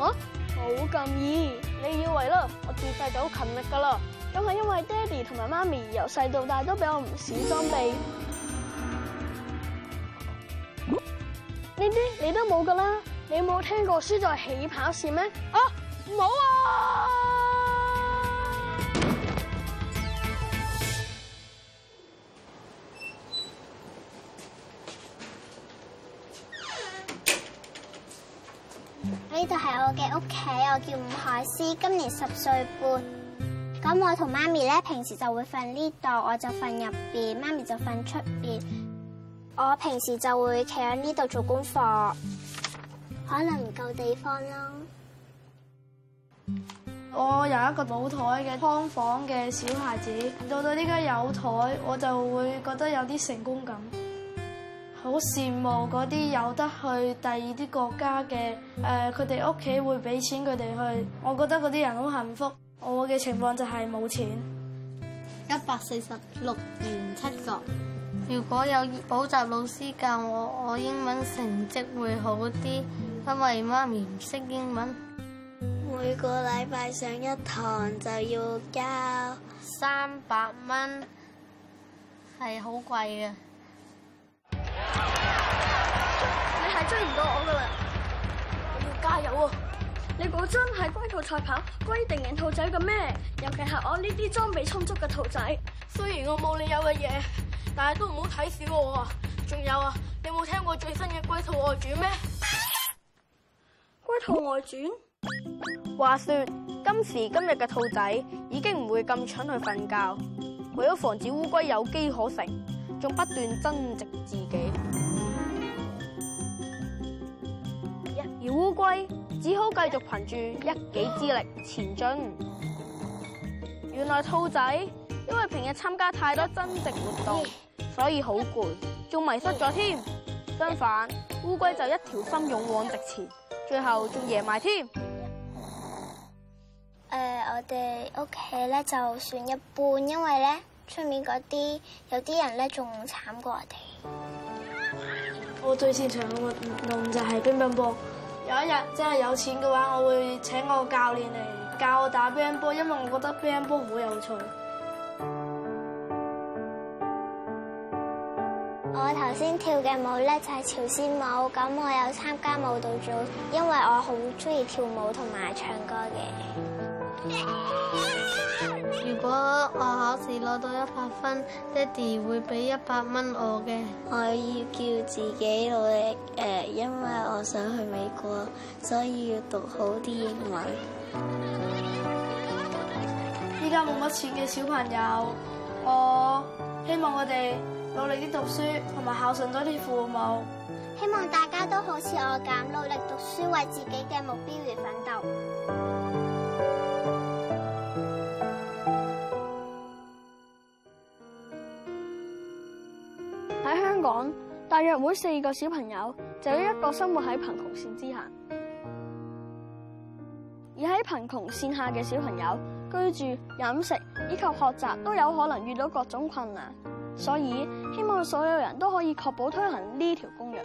啊，冇咁易！你以為啦，我自細就好勤力噶啦，咁係因為爹哋同埋媽咪由細到大都俾我唔少裝備。呢啲 你都冇噶啦，你冇聽過輸在起跑線咩？啊，冇啊！呢度係我嘅屋企，我叫吳海思，今年十歲半。咁我同媽咪咧，平時就會瞓呢度，我就瞓入邊，媽咪就瞓出邊。我平時就會企喺呢度做功課，可能唔夠地方咯。我有一個冇台嘅劏房嘅小孩子，到到呢家有台，我就會覺得有啲成功感。好羨慕嗰啲有得去第二啲國家嘅，誒佢哋屋企會俾錢佢哋去，我覺得嗰啲人好幸福。我嘅情況就係冇錢，一百四十六元七角。如果有補習老師教我，我英文成績會好啲，因為媽咪唔識英文。每個禮拜上一堂就要交三百蚊，係好貴嘅。你係追唔到我噶啦！我要加油啊！你果真係龜兔賽跑，龜定贏兔仔嘅咩？尤其係我呢啲裝備充足嘅兔仔。雖然我冇你有嘅嘢，但係都唔好睇小我。啊！仲有啊，你冇聽過最新嘅《龜兔外傳》咩？《龜兔外傳》話說今時今日嘅兔仔已經唔會咁蠢去瞓覺，為咗防止烏龜有機可乘。仲不斷增值自己，而烏龜只好繼續憑住一己之力前進。原來兔仔因為平日參加太多增值活動，所以好攰，仲迷失咗添。相反，烏龜就一條心勇往直前，最後仲贏埋添。誒，uh, 我哋屋企咧就算一半，因為咧。出面嗰啲有啲人咧仲慘過我哋。我最擅長嘅運動就係乒乓波。有一日真係有錢嘅話，我會請我個教練嚟教我打乒乓波，因為我覺得乒乓波好有趣。 我頭先跳嘅舞咧就係朝鮮舞，咁我有參加舞蹈組，因為我好中意跳舞同埋唱歌嘅。如果我考試攞到一百分，爹哋會俾一百蚊我嘅。我要叫自己努力誒、呃，因為我想去美國，所以要讀好啲英文。依家冇乜錢嘅小朋友，我希望我哋努力啲讀書，同埋孝順多啲父母。希望大家都好似我咁努力讀書，為自己嘅目標而奮鬥。喺香港，大約每四個小朋友就有一個生活喺貧窮線之下。而喺貧窮線下嘅小朋友，居住、飲食以及學習都有可能遇到各種困難。所以，希望所有人都可以確保推行呢條公約。